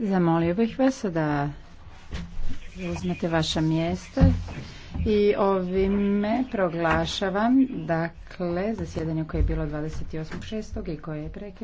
Zamolio bih vas da uzmete vaša mjesta i ovime proglašavam dakle zasjedanje koje je bilo 28.6. i koje je prekinuto.